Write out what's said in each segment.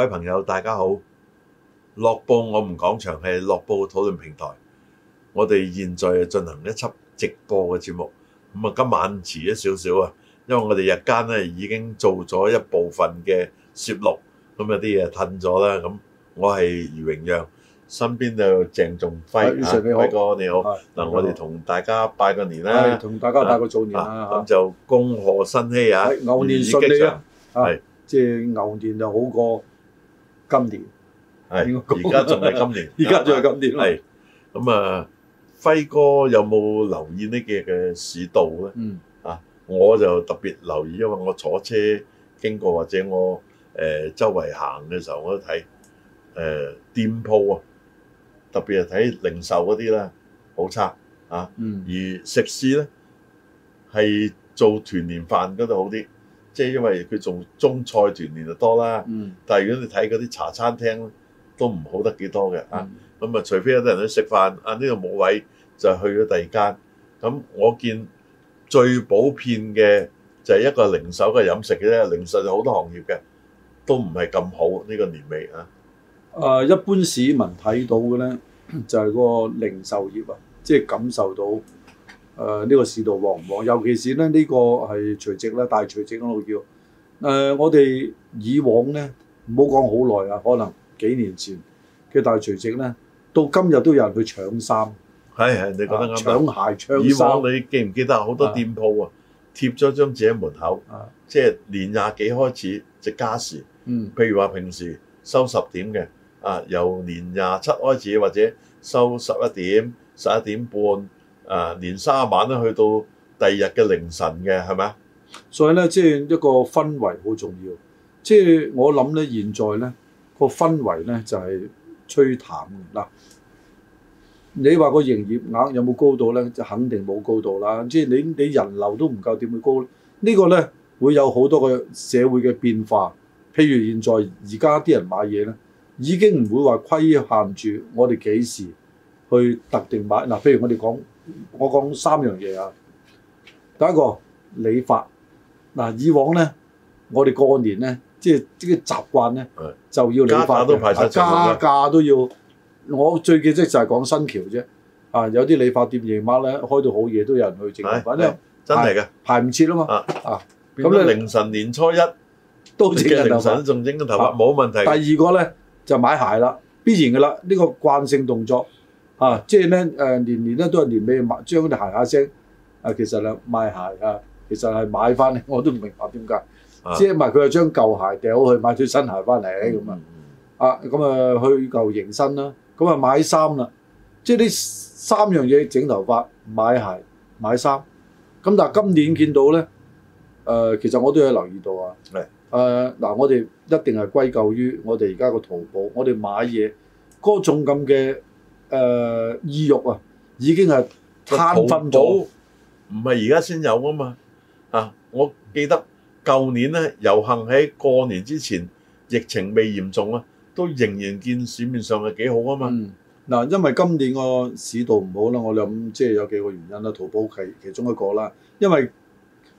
各位朋友，大家好！樂報我們講場係樂報討論平台，我哋現在進行一輯直播嘅節目。咁啊，今晚遲咗少少啊，因為我哋日間咧已經做咗一部分嘅攝錄，咁有啲嘢褪咗啦。咁我係余榮耀，身邊就有鄭仲輝啊，輝哥你好。嗱，我哋同大家拜個年啦，同大家拜個早年，咁就恭賀新禧啊！牛年順利啊！係，即係牛年就好過。今年係而家仲係今年，而家仲係今年係咁 啊！輝哥有冇留意呢幾日嘅市道咧？嗯啊，我就特別留意，因為我坐車經過或者我誒、呃、周圍行嘅時候我都睇誒、呃、店鋪啊，特別係睇零售嗰啲啦，好差啊。嗯，而食肆咧係做團年飯嗰度好啲。即係因為佢做中菜團年就多啦，嗯、但係如果你睇嗰啲茶餐廳都唔好得幾多嘅啊。咁啊、嗯，除非有啲人去食飯，啊呢度冇位，就去咗第二間。咁我見最普遍嘅就係一個零售嘅飲食嘅啫。零售有好多行業嘅都唔係咁好呢、這個年尾。啊。誒、呃，一般市民睇到嘅咧就係、是、個零售業啊，即、就、係、是、感受到。誒呢、呃這個市道旺唔旺？尤其是咧呢、這個係除夕，咧大除夕嗰度叫。誒、呃、我哋以往咧唔好講好耐啊，可能幾年前嘅大除夕咧，到今日都有人去搶衫。係係，你講得啱。搶鞋、搶衫。以往你記唔記得好多店鋪啊，啊貼咗張紙喺門口，啊、即係年廿幾開始就加時。嗯，譬如話平時收十點嘅，啊由年廿七開始或者收十一點、十一點半。啊，年卅晚咧去到第二日嘅凌晨嘅，係咪啊？所以咧，即係一個氛圍好重要。即係我諗咧，現在咧個氛圍咧就係吹淡。嗱，你話個營業額有冇高度咧？就肯定冇高度啦。即係你你人流都唔夠，點會高呢？呢個咧會有好多個社會嘅變化。譬如現在而家啲人買嘢咧，已經唔會話規限住我哋幾時。去特定買嗱、啊，譬如我哋講，我講三樣嘢啊。第一個理髮嗱、啊，以往咧，我哋過年咧，即係啲習慣咧，就要理髮，加價都排曬。加價都要，我最記得就係講新橋啫。啊，有啲理髮店夜晚咧開到好夜都有人去整，反正為真係嘅排唔切啊嘛是啊！咁咧凌晨年初一都整人頭髮，凌晨仲整個頭髮冇問題、啊。第二個咧就買鞋啦，必然噶啦，呢、呢個慣性動作。啊，即係咧，誒、呃、年年咧都係年尾買將啲鞋下聲，啊其實啦買鞋啊，其實係買翻嚟，我都唔明白點解。即係咪佢又將舊鞋掉去買對新鞋翻嚟咁啊？啊咁啊，去舊迎新啦。咁啊買衫啦，即係呢三樣嘢：整頭髮、買鞋、買衫。咁、啊、但係今年見到咧，誒、呃、其實我都有留意到啊。係誒嗱，我哋一定係歸咎於我哋而家個淘寶，我哋買嘢嗰種咁嘅。誒、呃、意欲啊，已經係探討到，唔係而家先有啊嘛！啊，我記得舊年咧遊行喺過年之前，疫情未嚴重啊，都仍然見市面上係幾好啊嘛！嗱、嗯，因為今年個市道唔好啦，我諗即係有幾個原因啦，淘寶係其中一個啦，因為誒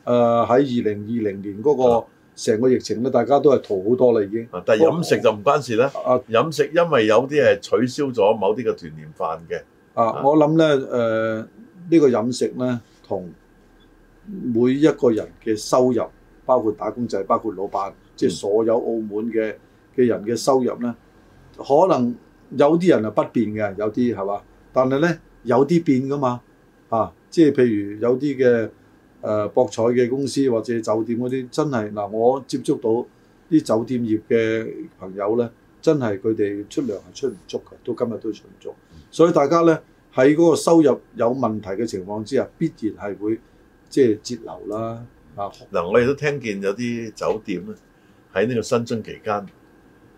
喺二零二零年嗰、那個。成個疫情咧，大家都係逃好多啦，已經。但係飲食就唔關事啦。啊，我，飲食因為有啲係取消咗某啲嘅團年飯嘅。啊，我諗咧，誒、這、呢個飲食咧，同每一個人嘅收入，包括打工仔，包括老闆，即、就、係、是、所有澳門嘅嘅人嘅收入咧，嗯、可能有啲人係不變嘅，有啲係嘛？但係咧有啲變噶嘛，啊，即係譬如有啲嘅。誒、呃、博彩嘅公司或者酒店嗰啲真係嗱、呃，我接觸到啲酒店業嘅朋友咧，真係佢哋出糧係出唔足嘅，到今日都出唔足。所以大家咧喺嗰個收入有問題嘅情況之下，必然係會即係節流啦。嗱、呃，我哋都聽見有啲酒店咧喺呢個新春期間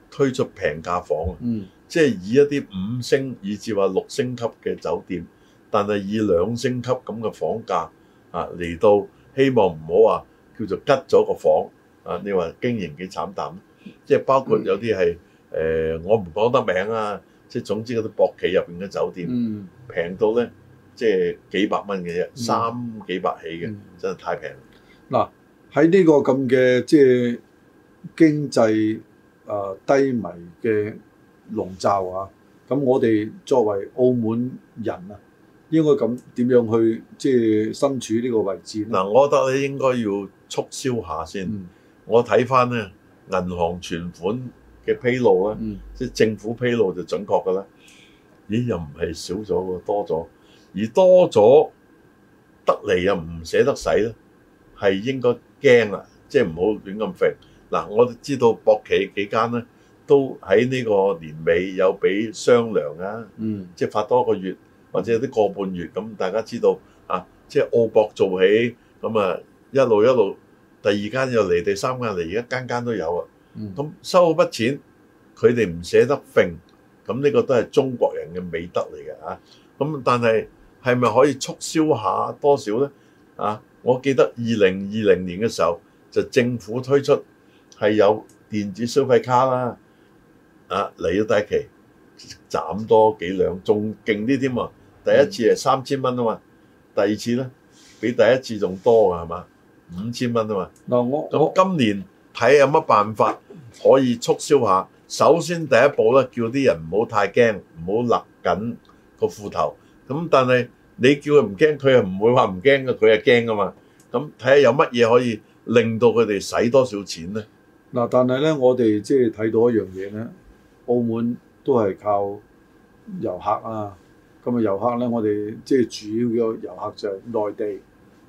推出平價房，嗯，即係以一啲五星以至話六星級嘅酒店，但係以兩星級咁嘅房價。啊，嚟到希望唔好話叫做吉咗個房啊！你話經營幾慘淡即係包括有啲係誒，我唔講得名啊！即係總之嗰啲博企入邊嘅酒店，平、嗯、到咧即係幾百蚊嘅啫，嗯、三幾百起嘅，嗯、真係太平嗱，喺呢、嗯、個咁嘅即係經濟啊低迷嘅籠罩啊，咁我哋作為澳門人啊～應該咁點樣，樣去即係身處呢個位置嗱，我覺得咧應該要促銷下先。嗯、我睇翻咧銀行存款嘅披露咧、啊，嗯、即係政府披露就準確㗎喇。咦，又唔係少咗多咗。而多咗得嚟又唔捨得使咧，係應該驚啦。即係唔好亂咁揈。嗱，我都知道博企幾間咧都喺呢個年尾有俾商量啊，嗯、即係發多個月。或者啲個半月咁，大家知道啊，即係澳博做起咁啊，一路一路，第二間又嚟，第三間嚟，而家間間都有啊。咁收好筆錢，佢哋唔捨得揈，咁呢個都係中國人嘅美德嚟嘅啊。咁但係係咪可以促銷下多少呢？啊，我記得二零二零年嘅時候就政府推出係有電子消費卡啦，啊嚟咗第一期，斬多幾兩，仲勁啲添啊！第一次係三千蚊啊嘛，第二次咧比第一次仲多嘅係嘛？五千蚊啊嘛。嗱，我咁今年睇下有乜辦法可以促銷下？首先第一步咧，叫啲人唔好太驚，唔好勒緊個褲頭。咁但係你叫佢唔驚，佢又唔會話唔驚嘅，佢係驚嘅嘛。咁睇下有乜嘢可以令到佢哋使多少錢咧？嗱，但係咧，我哋即係睇到一樣嘢咧，澳門都係靠遊客啊。咁啊，遊客咧，我哋即係主要嘅遊客就係內地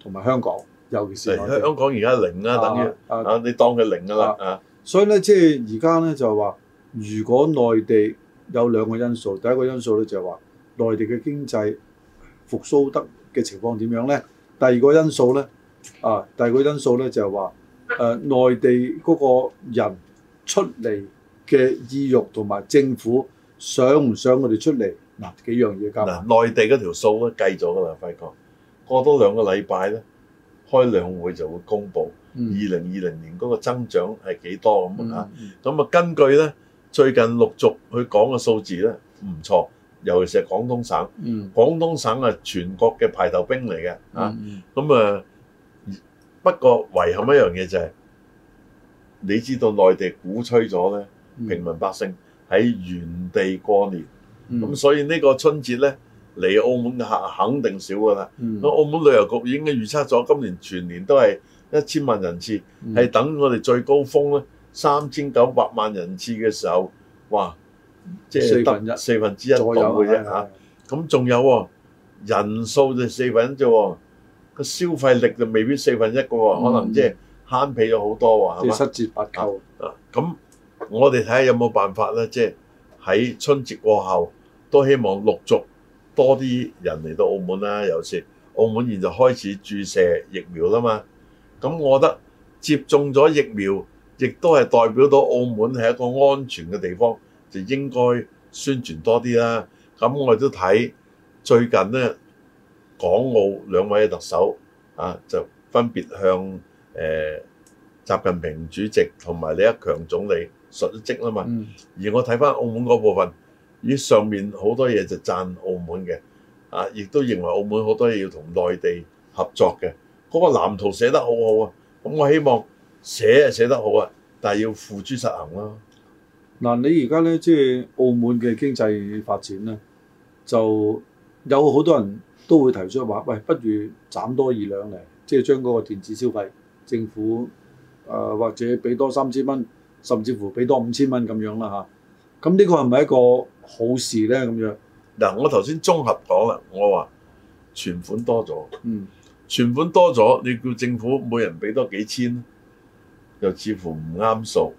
同埋香港，尤其是，是香港而家零啦，等於啊，等等啊你當佢零啦。啊啊、所以咧，即係而家咧就係、是、話、就是，如果內地有兩個因素，第一個因素咧就係話內地嘅經濟復甦得嘅情況點樣咧？第二個因素咧啊，第二個因素咧就係話誒內地嗰個人出嚟嘅意欲同埋政府想唔想我哋出嚟？嗱幾樣嘢交嗱內地嗰條數咧計咗㗎啦，快過過多兩個禮拜咧，開兩會就會公佈二零二零年嗰個增長係幾多咁啊？咁啊，根據咧最近陸續去講嘅數字咧唔錯，尤其是廣東省，廣東省係全國嘅排頭兵嚟嘅啊！咁啊，不過遺憾一樣嘢就係，你知道內地鼓吹咗咧，平民百姓喺原地過年。咁所以呢個春節咧嚟澳門嘅客肯定少㗎啦。咁澳門旅遊局已經預測咗今年全年都係一千萬人次，係等我哋最高峰咧三千九百萬人次嘅時候，哇，即係四分一左右嘅啫嚇。咁仲有喎，人數就四分啫喎，個消費力就未必四分一嘅喎，可能即係慳皮咗好多喎。即係七折八扣。啊，咁我哋睇下有冇辦法咧，即係。喺春節過後，都希望陸續多啲人嚟到澳門啦。有時澳門現在就開始注射疫苗啦嘛，咁我覺得接種咗疫苗，亦都係代表到澳門係一個安全嘅地方，就應該宣傳多啲啦。咁我哋都睇最近呢，港澳兩位特首啊，就分別向誒、呃、習近平主席同埋李克強總理。述職啊嘛，嗯、而我睇翻澳門嗰部分，依上面好多嘢就讚澳門嘅，啊，亦都認為澳門好多嘢要同內地合作嘅，嗰、那個藍圖寫得好好啊。咁我希望寫就寫得好啊，但係要付諸實行咯、啊。嗱、嗯，你而家呢，即、就、係、是、澳門嘅經濟發展呢，就有好多人都會提出話，喂，不如斬多二兩嚟，即、就、係、是、將嗰個電子消費政府、呃、或者俾多三千蚊。甚至乎俾多五千蚊咁樣啦嚇，咁呢個係咪一個好事咧？咁樣嗱，我頭先綜合講啦，我話存款多咗，嗯、存款多咗，你叫政府每人俾多，多幾千，又似乎唔啱數。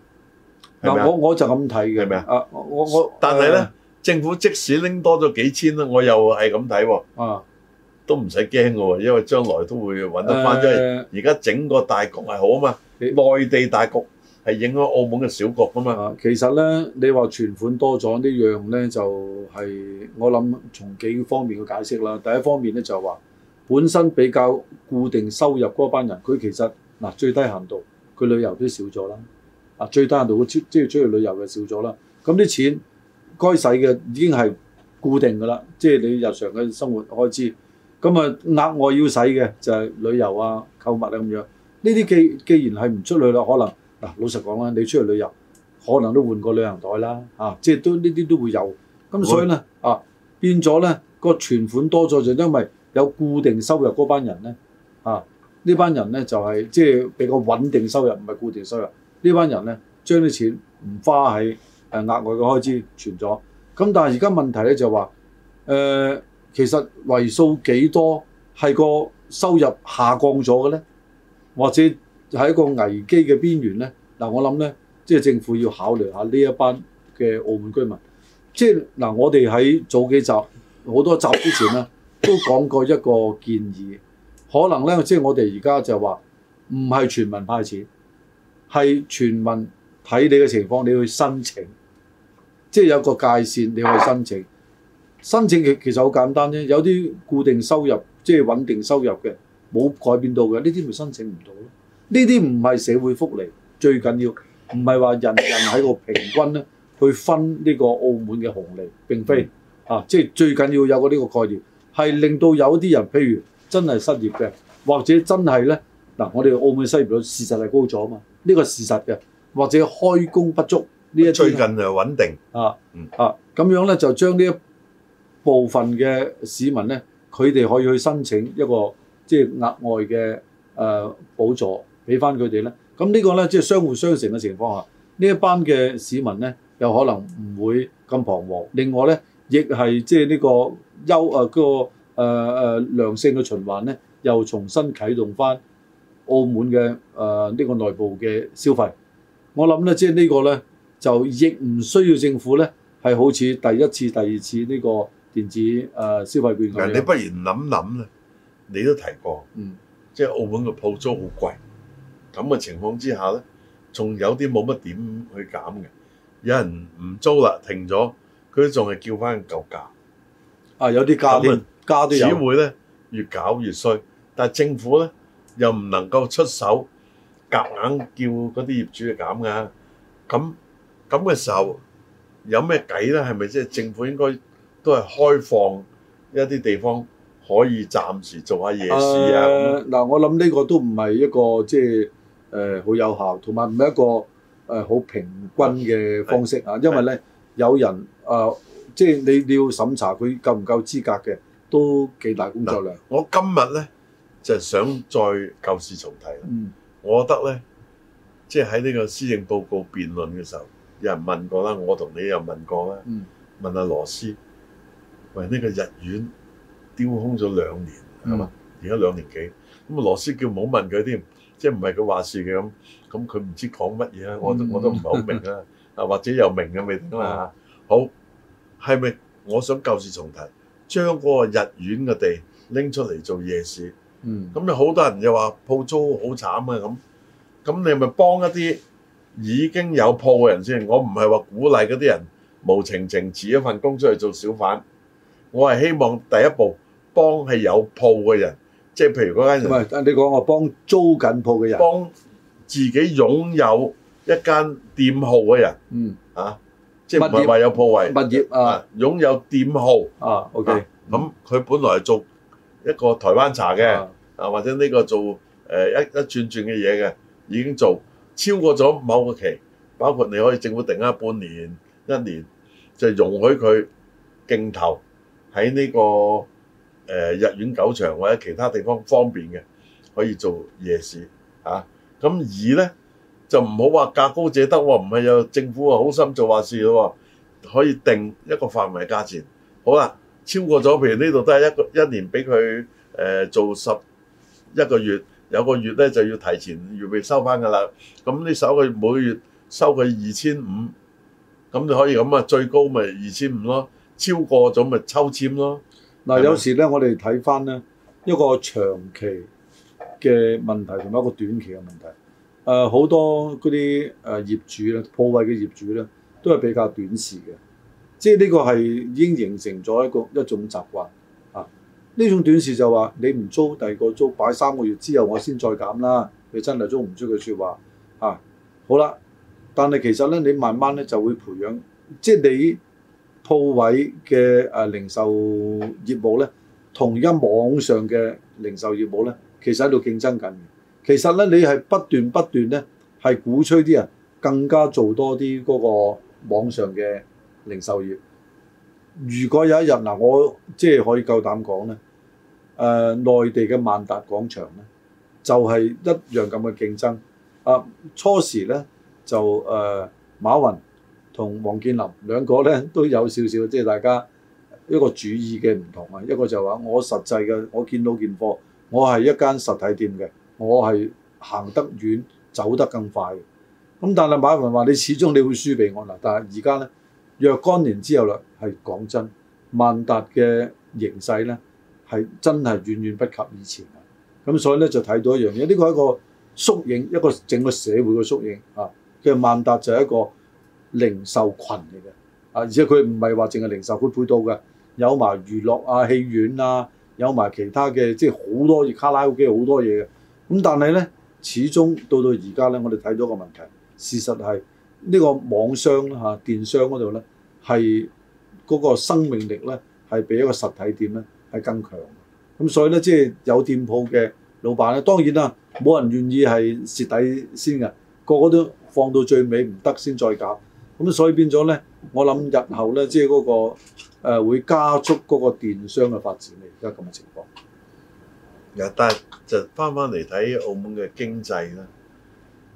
嗱，我我就咁睇嘅。係咪啊？我我但係咧，啊、政府即使拎多咗幾千啦，我又係咁睇喎。啊，都唔使驚嘅喎，因為將來都會揾得翻。因為而家整個大局係好啊嘛，內地大局。係影響澳門嘅小國㗎嘛嚇，其實咧，你話存款多咗呢樣咧，就係我諗從幾方面去解釋啦。第一方面咧就係話本身比較固定收入嗰班人，佢其實嗱最低限度佢旅遊都少咗啦，啊最低限度即係出去旅遊嘅少咗啦。咁啲錢該使嘅已經係固定㗎啦，即係你日常嘅生活開支。咁啊額外要使嘅就係旅遊啊、購物啊咁樣。呢啲既既然係唔出去啦，可能。老實講啦，你出去旅遊，可能都換過旅行袋啦，啊，即係都呢啲都會有，咁、啊、所以咧，啊變咗咧個存款多咗，就因為有固定收入嗰班人咧，啊呢班人咧就係、是、即係比較穩定收入，唔係固定收入呢班人咧，將啲錢唔花喺誒額外嘅開支存咗，咁、啊、但係而家問題咧就話、是、誒、呃、其實為數幾多係個收入下降咗嘅咧，或者？就喺一個危機嘅邊緣呢。嗱、啊、我諗呢，即係政府要考慮下呢一班嘅澳門居民，即係嗱、啊、我哋喺早幾集好多集之前呢，都講過一個建議，可能呢，即係我哋而家就話唔係全民派錢，係全民睇你嘅情況，你去申請，即係有個界線你去申請。申請其其實好簡單啫，有啲固定收入即係穩定收入嘅，冇改變到嘅，呢啲咪申請唔到咯。呢啲唔係社會福利，最緊要，唔係話人人喺度平均咧去分呢個澳門嘅紅利，並非、嗯、啊，即係最緊要有個呢個概念，係令到有啲人，譬如真係失業嘅，或者真係咧嗱，我哋澳門失業率事實係高咗啊嘛，呢個係事實嘅，或者開工不足呢一啲，最近就穩定啊，啊咁樣咧就將呢一部分嘅市民咧，佢哋可以去申請一個即係額外嘅誒、呃、補助。俾翻佢哋咧，咁呢、呢個咧即係相互相成嘅情況下，呢一班嘅市民咧有可能唔會咁彷徨。另外咧，亦係即係呢個優啊，嗰、呃呢個誒、呃呃、良性嘅循環咧，又重新啟動翻澳門嘅誒呢個內部嘅消費。我諗咧，即、這、係、個、呢個咧就亦唔需要政府咧係好似第一次、第二次呢個電子誒、呃、消費券咁。你不如諗諗咧，你都提過，嗯，即係澳門嘅鋪租好貴。咁嘅情況之下咧，仲有啲冇乜點去減嘅，有人唔租啦，停咗，佢都仲係叫翻舊價。啊，有啲加都加都有，只會咧越搞越衰。但係政府咧又唔能夠出手夾硬叫嗰啲業主去減㗎。咁咁嘅時候有咩計咧？係咪即係政府應該都係開放一啲地方可以暫時做下夜市啊？嗱，我諗呢個都唔係一個即係。誒好有效，同埋唔係一個誒好平均嘅方式啊！因為咧有人啊，即係你你要審查佢夠唔夠資格嘅，都幾大工作量。我今日咧就係想再舊事重提啦。嗯，我覺得咧，即係喺呢個施政報告辯論嘅時候，有人問過啦，我同你又問過啦。嗯，問阿羅斯，喂，呢個日院丟空咗兩年，係嘛？而家兩年幾咁啊？羅斯叫唔好問佢添。即係唔係佢話事嘅咁，咁佢唔知講乜嘢啊？我都我都唔係好明啦，啊或者又明嘅未啊？好係咪？我想舊事重提，將嗰個日院嘅地拎出嚟做夜市。嗯，咁又好多人又話鋪租好慘啊咁，咁你咪幫一啲已經有鋪嘅人先。我唔係話鼓勵嗰啲人無情情辭一份工出去做小販。我係希望第一步幫係有鋪嘅人。即係譬如嗰間唔係，你講我幫租緊鋪嘅人，幫自己擁有一間店號嘅人，嗯啊，即係唔係話有鋪位物業啊，啊，擁有店號啊，OK，咁佢本來做一個台灣茶嘅啊，或者呢個做誒、呃、一一轉轉嘅嘢嘅，已經做超過咗某個期，包括你可以政府定下半年、一年，就容許佢競投喺呢、呢個。誒、呃、日院九場或者其他地方方便嘅，可以做夜市啊。咁二呢就唔好話價高者得喎，唔係有政府啊好心做壞事喎，可以定一個範圍價錢。好啦，超過咗譬如呢度都係一個一年俾佢誒做十一個月，有個月呢就要提前預備收翻㗎啦。咁呢首個月每個月收佢二千五，咁就可以咁啊，最高咪二千五咯，超過咗咪抽籤咯。嗱、啊，有時咧，我哋睇翻咧一個長期嘅問題，同埋一個短期嘅問題。誒、呃，好多嗰啲誒業主咧，破位嘅業主咧，都係比較短視嘅。即係呢個係已經形成咗一個一種習慣啊。呢種短視就話你唔租，第二個租擺三個月之後，我先再減啦。你真係租唔出嘅説話啊。好啦，但係其實咧，你慢慢咧就會培養，即係你。鋪位嘅誒零售業務咧，同一網上嘅零售業務咧，其實喺度競爭緊嘅。其實咧，你係不斷不斷咧，係鼓吹啲人更加做多啲嗰個網上嘅零售業。如果有一日嗱，我即係可以夠膽講咧，誒內地嘅萬達廣場咧，就係一樣咁嘅競爭。啊，初時咧就誒馬雲同王健林兩個咧都有少少，即係大家一個主意嘅唔同啊。一個就話我實際嘅，我見到件貨，我係一間實體店嘅，我係行得遠走得更快。咁但係馬雲話你始終你會輸畀我嗱。但係而家咧，若干年之後啦，係講真，萬達嘅形勢咧係真係遠遠不及以前啦。咁所以咧就睇到一樣嘢，呢個係一個縮影，一個整個社會嘅縮影啊。其實萬達就係一個。零售群嚟嘅，啊，而且佢唔係話淨係零售佢配到嘅，有埋娛樂啊、戲院啊，有埋其他嘅，即係好多熱卡拉 OK 嘅好多嘢嘅。咁但係咧，始終到到而家咧，我哋睇到個問題，事實係呢、呢個網商啦、嚇、啊、電商嗰度咧，係嗰個生命力咧係比一個實體店咧係更強。咁所以咧，即係有店鋪嘅老闆咧，當然啦，冇人願意係蝕底先嘅，個個都放到最尾唔得先再搞。咁所以變咗咧，我諗日後咧，即係嗰個誒會加速嗰個電商嘅發展啊！而家咁嘅情況，有，但係就翻翻嚟睇澳門嘅經濟啦。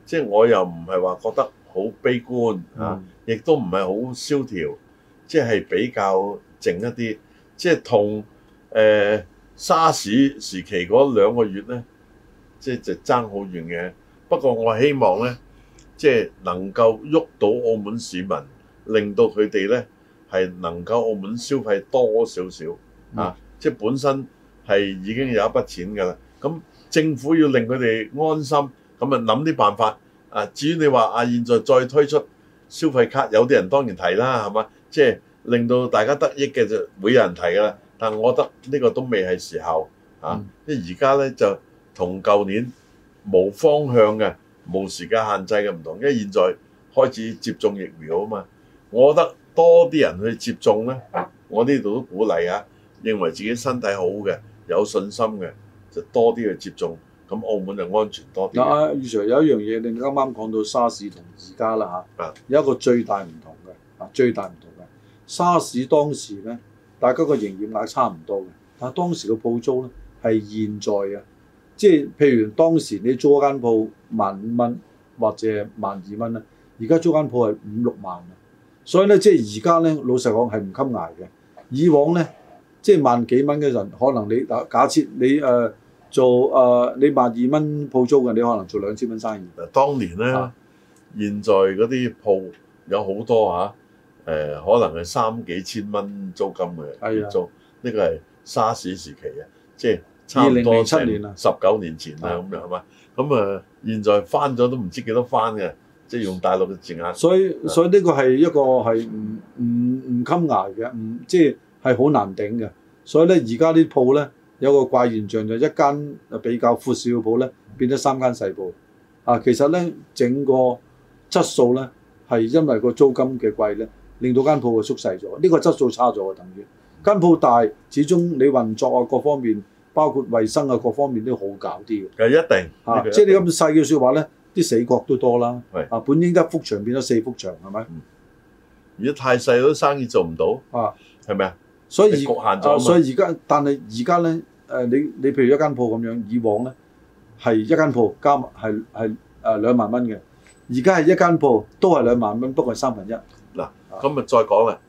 即係我又唔係話覺得好悲觀啊，亦、嗯、都唔係好蕭條，即係比較靜一啲，即係同誒沙士時期嗰兩個月咧，即係就爭好遠嘅。不過我希望咧。即係能夠喐到澳門市民，令到佢哋呢係能夠澳門消費多少少啊！即係本身係已經有一筆錢㗎啦。咁政府要令佢哋安心，咁啊諗啲辦法啊。至於你話啊，現在再推出消費卡，有啲人當然提啦，係嘛？即係令到大家得益嘅就會有人提㗎啦。但我覺得呢個都未係時候啊，因為而家呢就同舊年冇方向嘅。冇時間限制嘅唔同，因為現在開始接種疫苗啊嘛，我覺得多啲人去接種呢，我呢度都鼓勵啊，認為自己身體好嘅、有信心嘅，就多啲去接種，咁澳門就安全多啲。阿余 Sir，有一樣嘢，你啱啱講到沙士同而家啦嚇，有一個最大唔同嘅，啊最大唔同嘅，沙士當時呢，大家個營業額差唔多嘅，但係當時個鋪租呢，係現在嘅。即係譬如當時你租間鋪萬五蚊或者萬二蚊啦，而家租間鋪係五六萬，所以咧即係而家咧老實講係唔襟捱嘅。以往咧即係萬幾蚊嘅人，可能你假假設你誒、呃、做誒、呃、你萬二蚊鋪租嘅，你可能做兩千蚊生意。嗱，當年咧，的現在嗰啲鋪有好多嚇誒、啊呃，可能係三幾千蚊租金嘅，月租呢個係沙士時期啊，即係。二零零七年啊，十九年前啊，咁樣係嘛？咁啊，現在翻咗都唔知幾多翻嘅，即係用大陸嘅字眼。所以，的所，以是是所以呢個係一個係唔唔唔襟捱嘅，唔即係係好難頂嘅。所以咧，而家啲鋪咧有個怪現象，就是，一間比較闊少嘅鋪咧，變咗三間細鋪啊。其實咧，整個質素咧係因為個租金嘅貴咧，令到間鋪嘅縮細咗，呢、這個質素差咗嘅，我等於間鋪大，始終你運作啊各方面。包括衞生啊，各方面都好搞啲嘅。誒，一定嚇、啊，即係你咁細嘅説話咧，啲死角都多啦。啊是，本應得幅牆變咗四幅牆，係咪？如果、嗯、太細，都生意做唔到。啊，係咪以啊？所以局限咗，所以而家，但係而家咧，誒，你你譬如一間鋪咁樣，以往咧係一間鋪加埋係係誒兩萬蚊嘅，而家係一間鋪都係兩萬蚊，不過係三分一。嗱、啊，今日再講啦。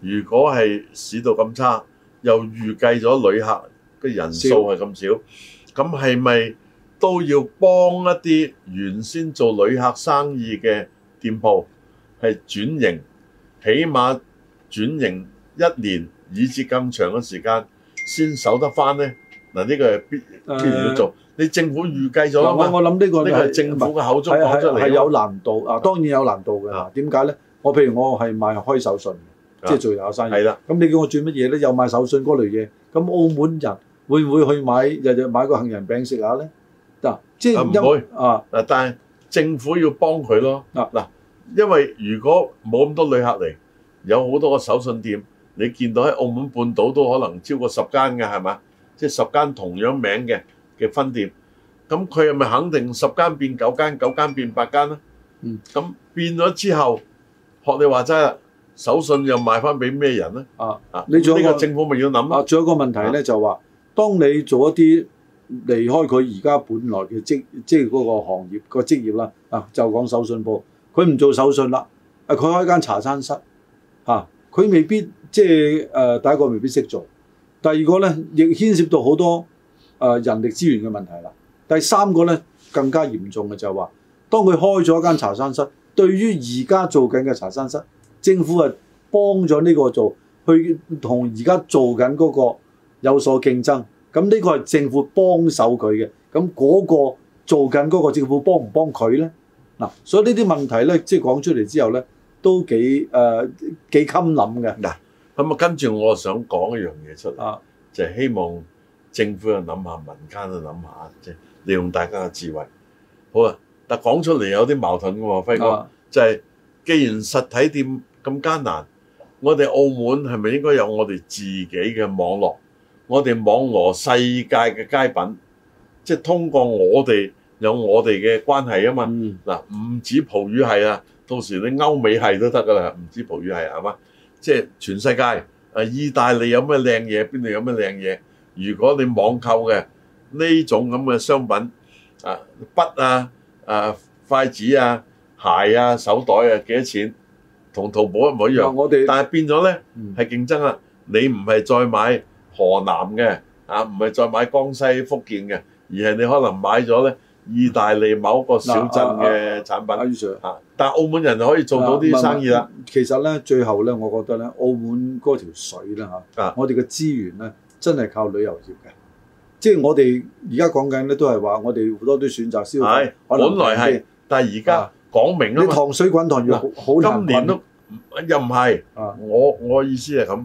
如果係市道咁差，又預計咗旅客。嘅人數係咁少，咁係咪都要幫一啲原先做旅客生意嘅店鋪係轉型？起碼轉型一年以至咁長嘅時間先守得翻咧？嗱，呢個係必必然要做。你政府預計咗啦，我我諗呢個呢個係政府嘅口中講出嚟係有難度啊，當然有難度嘅嚇。點解咧？我譬如我係賣開手信，即係做旅遊生意。係啦，咁你叫我做乜嘢咧？又賣手信嗰類嘢。咁澳門人會唔會去買日日買個杏仁餅食下咧？嗱，即係唔會啊！嗱，但係政府要幫佢咯。嗱嗱，因為如果冇咁多旅客嚟，有好多個手信店，你見到喺澳門半島都可能超過十間嘅，係咪？即係十間同樣名嘅嘅分店，咁佢係咪肯定十間變九間，九間變八間咧？嗯，咁變咗之後，學你話齋，手信又賣翻俾咩人咧？啊啊！你呢個政府咪要諗啊！仲有一個問題咧，就話。當你做一啲離開佢而家本來嘅職，即係嗰個行業個職業啦，啊就講手信鋪，佢唔做手信啦，啊佢開間茶餐廳，啊佢未必即係誒第一個未必識做，第二個咧亦牽涉到好多誒、呃、人力資源嘅問題啦。第三個咧更加嚴重嘅就係話，當佢開咗間茶餐廳，對於而家做緊嘅茶餐廳，政府係幫咗呢個做，去同而家做緊嗰個。有所競爭，咁呢個係政府幫手佢嘅。咁嗰個做緊嗰個政府幫唔幫佢呢？嗱、啊，所以呢啲問題呢，即係講出嚟之後呢，都幾誒、呃、幾襟諗嘅嗱。咁啊，跟住我想講一樣嘢出嚟，啊、就係希望政府啊諗下，民間啊諗下，即係利用大家嘅智慧。好啊，但講出嚟有啲矛盾喎，飛哥、啊、就係既然實體店咁艱難，我哋澳門係咪應該有我哋自己嘅網絡？我哋網羅世界嘅佳品，即係通過我哋有我哋嘅關係啊嘛。嗱，唔止葡語系啦，到時你歐美係都得噶啦，唔止葡語系係嘛。即係全世界，啊，意大利有咩靚嘢？邊度有咩靚嘢？如果你網購嘅呢種咁嘅商品，啊，筆啊，啊，筷子啊，鞋啊，手袋啊，幾多錢？同淘寶一模一樣。我哋，但係變咗咧，係競爭啊！你唔係再買，河南嘅啊，唔係再買江西、福建嘅，而係你可能買咗咧意大利某一個小鎮嘅產品。阿但係澳門人就可以做到啲生意啦。其實咧，最後咧，我覺得咧，澳門嗰條水咧嚇，我哋嘅資源咧真係靠旅遊業嘅。即係我哋而家講緊咧，都係話我哋好多都選擇消費。本來係，但係而家講明啊，糖水滾糖要好難滾。今年都又唔係，我我意思係咁。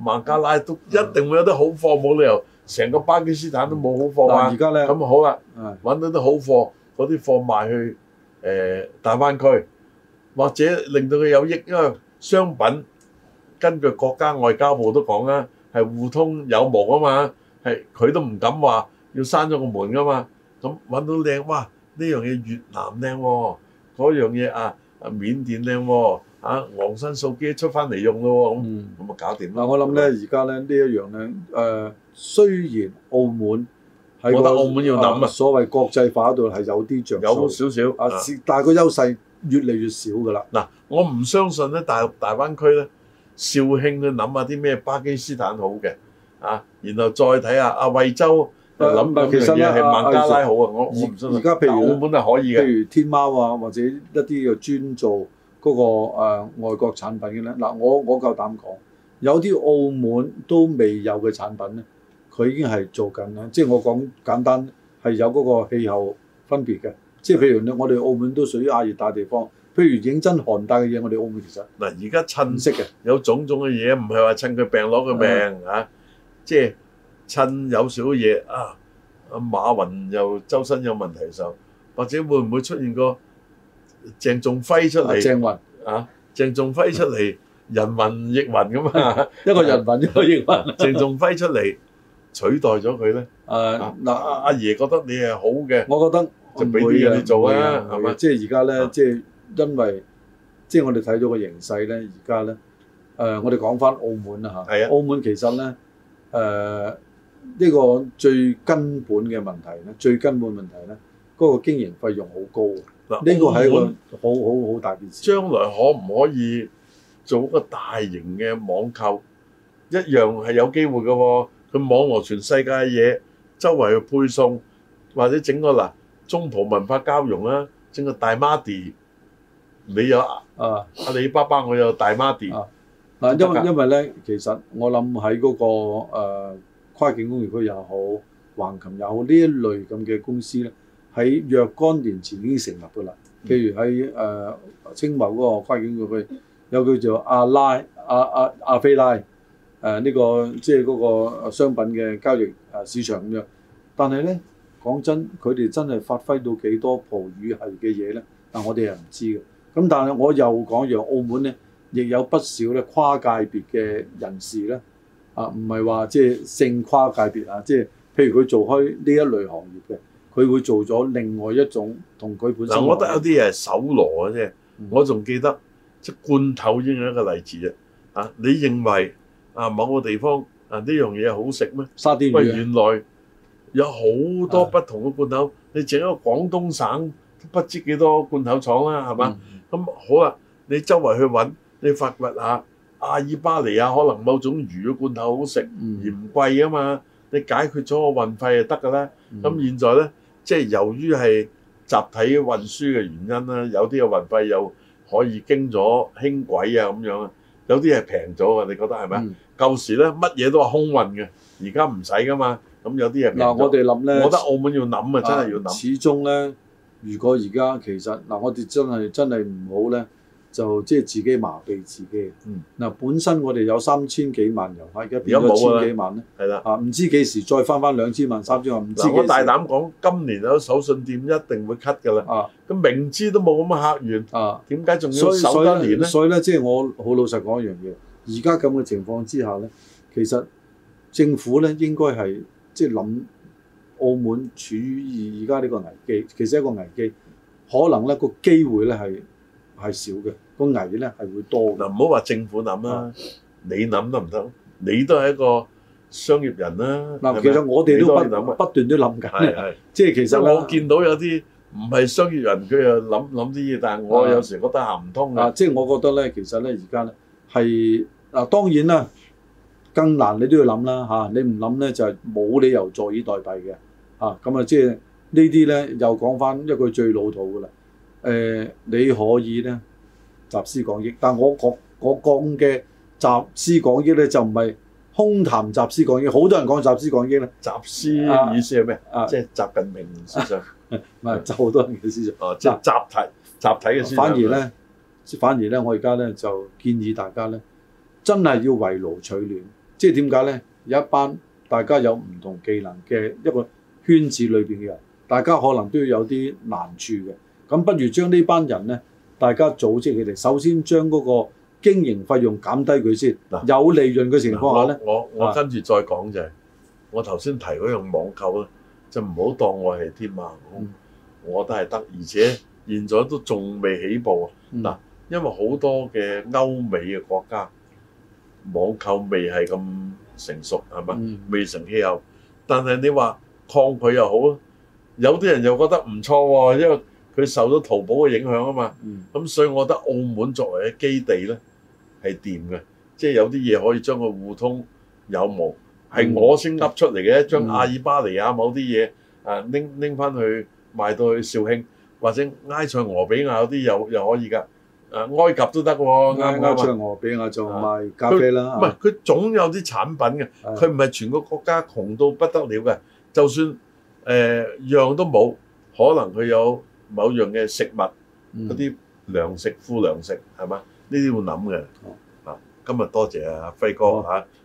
孟加拉都一定會有啲好貨，冇理由成個巴基斯坦都冇好貨。而家呢，咁好啦，揾到啲好貨，嗰啲貨賣去誒大灣區，或者令到佢有益，因為商品根據國家外交部都講啦，係互通有無啊嘛，係佢都唔敢話要閂咗個門噶嘛。咁揾到靚哇，呢樣嘢越南靚喎，嗰樣嘢啊啊緬甸靚喎。嚇，黃新數機出翻嚟用咯喎，咁咁咪搞掂啦。我諗想咧，而家咧呢一樣咧，誒、呃，雖然澳門，我覺得澳門要諗啊，所謂國際化度係有啲著數，有少少。啊，但係個優勢越嚟越少噶啦。嗱、啊，我唔相信咧，大大灣區咧，肇慶去諗下啲咩巴基斯坦好嘅，啊，然後再睇下阿惠州諗其嘅嘢係孟加拉好啊，我我唔相信。而而家譬如，澳門係可以嘅，譬如天貓啊，或者一啲嘅專做。嗰、那個、呃、外國產品嘅咧，嗱我我夠膽講，有啲澳門都未有嘅產品咧，佢已經係做緊咧。即係我講簡單，係有嗰個氣候分別嘅。即係譬如你，我哋澳門都屬於亞熱帶地方。譬如認真寒帶嘅嘢，我哋澳門其實嗱而家趁息嘅，有種種嘅嘢，唔係話趁佢病攞佢命的啊！即係趁有少少嘢啊，阿馬雲又周身有問題時候，或者會唔會出現個？鄭仲輝出嚟，鄭雲啊，鄭仲輝出嚟，人云亦云咁嘛，一個人云一個亦云。鄭仲輝出嚟取代咗佢咧，誒，嗱阿阿爺覺得你係好嘅，我覺得就俾啲人嚟做啊，係嘛？即係而家咧，即係因為即係我哋睇到個形勢咧，而家咧，誒，我哋講翻澳門啦吓，係啊，澳門其實咧，誒，呢個最根本嘅問題咧，最根本問題咧，嗰個經營費用好高。呢個係一個好好好大件事。將來可唔可以做一個大型嘅網購，一樣係有機會嘅喎、哦。佢網羅全世界嘅嘢，周圍去配送，或者整個嗱、啊、中葡文化交融啦、啊。整個大媽地，你有啊？阿里巴巴我有大媽地。嗱、啊，因為因為咧，其實我諗喺嗰個、呃、跨境工業區又好，橫琴又好呢一類咁嘅公司咧。喺若干年前已經成立㗎啦，譬如喺誒青茂嗰個跨境區域，有叫做阿拉、啊啊、阿亞亞非拉，誒呢個即係嗰個商品嘅交易誒市場咁樣。但係咧講真，佢哋真係發揮到幾多葡語系嘅嘢咧？但我哋又唔知嘅。咁但係我又講一樣，澳門咧亦有不少咧跨界別嘅人士咧，啊唔係話即係性跨界別啊，即係譬如佢做開呢一類行業嘅。佢會做咗另外一種同佢本身嗱，我覺得有啲嘢係搜羅嘅啫。我仲記得即罐頭已經係一個例子啊！嚇，你認為啊某個地方啊呢樣嘢好食咩？沙丁魚喂，原來有好多不同嘅罐頭。你整一個廣東省不知幾多罐頭廠啦，係嘛？咁好啦，你周圍去揾，你發掘下亞爾巴尼亞可能某種魚嘅罐頭好食，嫌貴啊嘛，你解決咗個運費就得㗎啦。咁現在咧。即係由於係集體運輸嘅原因啦，有啲嘅運費又可以經咗輕軌啊咁樣，有啲係平咗啊！你覺得係咪、嗯、啊？舊時咧，乜嘢都話空運嘅，而家唔使噶嘛，咁有啲係平咗。嗱，我哋諗咧，我覺得澳門要諗啊，真係要諗、啊。始終咧，如果而家其實嗱、啊，我哋真係真係唔好咧。就即係自己麻痹自己。嗯，嗱，本身我哋有三千幾萬遊客，而家變咗千幾萬咧，係啦，啊，唔知幾時再翻翻兩千萬、三千萬、五千幾。我大膽講，今年有手信店一定會 cut 㗎啦。啊，咁明知都冇咁多客源，啊，點解仲要守一年咧？所以咧，即係、就是、我好老實講一樣嘢，而家咁嘅情況之下咧，其實政府咧應該係即係諗澳門處於而家呢個危機，其實一個危機，可能咧個機會咧係。係少嘅個危咧係會多嗱，唔好話政府諗啦、啊，的你諗得唔得？你都係一個商業人啦、啊。嗱，其實我哋都不都不斷都諗緊，係的即係其，其實我見到有啲唔係商業人，佢又諗諗啲嘢，但係我有時覺得行唔通嘅。即係我覺得咧，其實咧而家咧係嗱，當然啦，更難你都要諗啦嚇、啊。你唔諗咧就係、是、冇理由坐以待斃嘅。啊，咁啊，即係呢啲咧又講翻一句最老土㗎啦。誒、呃，你可以咧集思廣益，但係我講我講嘅集思廣益咧就唔係空談集思廣益，好多人講集思廣益咧，集思意思係咩？啊、即係集近名人思想，唔係就好多人嘅思想。哦、啊，即係集體集體嘅思想。反而咧，反而咧，我而家咧就建議大家咧，真係要圍爐取暖。即係點解咧？有一班大家有唔同技能嘅一個圈子裏邊嘅人，大家可能都要有啲難處嘅。咁不如將呢班人呢，大家組織佢哋，首先將嗰個經營費用減低佢先。啊、有利潤嘅情況下咧，我我跟住再講就係、是，啊、我頭先提嗰樣網購就唔好當我係天馬行空，嗯、我都係得，而且現在都仲未起步啊。嗱、嗯，因為好多嘅歐美嘅國家網購未係咁成熟，係咪？嗯、未成氣候又，但係你話抗拒又好，有啲人又覺得唔錯喎，因為。佢受到淘寶嘅影響啊嘛，咁所以我覺得澳門作為嘅基地咧係掂嘅，即係有啲嘢可以將佢互通有無。係我先噏出嚟嘅，將阿爾巴尼亞某啲嘢啊拎拎翻去賣到去肇慶，或者埃塞俄比亞有啲又又可以㗎，啊埃及都得喎，埃埃塞俄比亞仲賣咖啡啦，唔係佢總有啲產品嘅，佢唔係全個國家窮到不得了嘅，就算誒樣都冇，可能佢有。某樣嘅食物嗰啲、嗯、糧食、副糧食係嘛？呢啲要諗嘅。啊，嗯、今日多謝啊，輝哥啊。嗯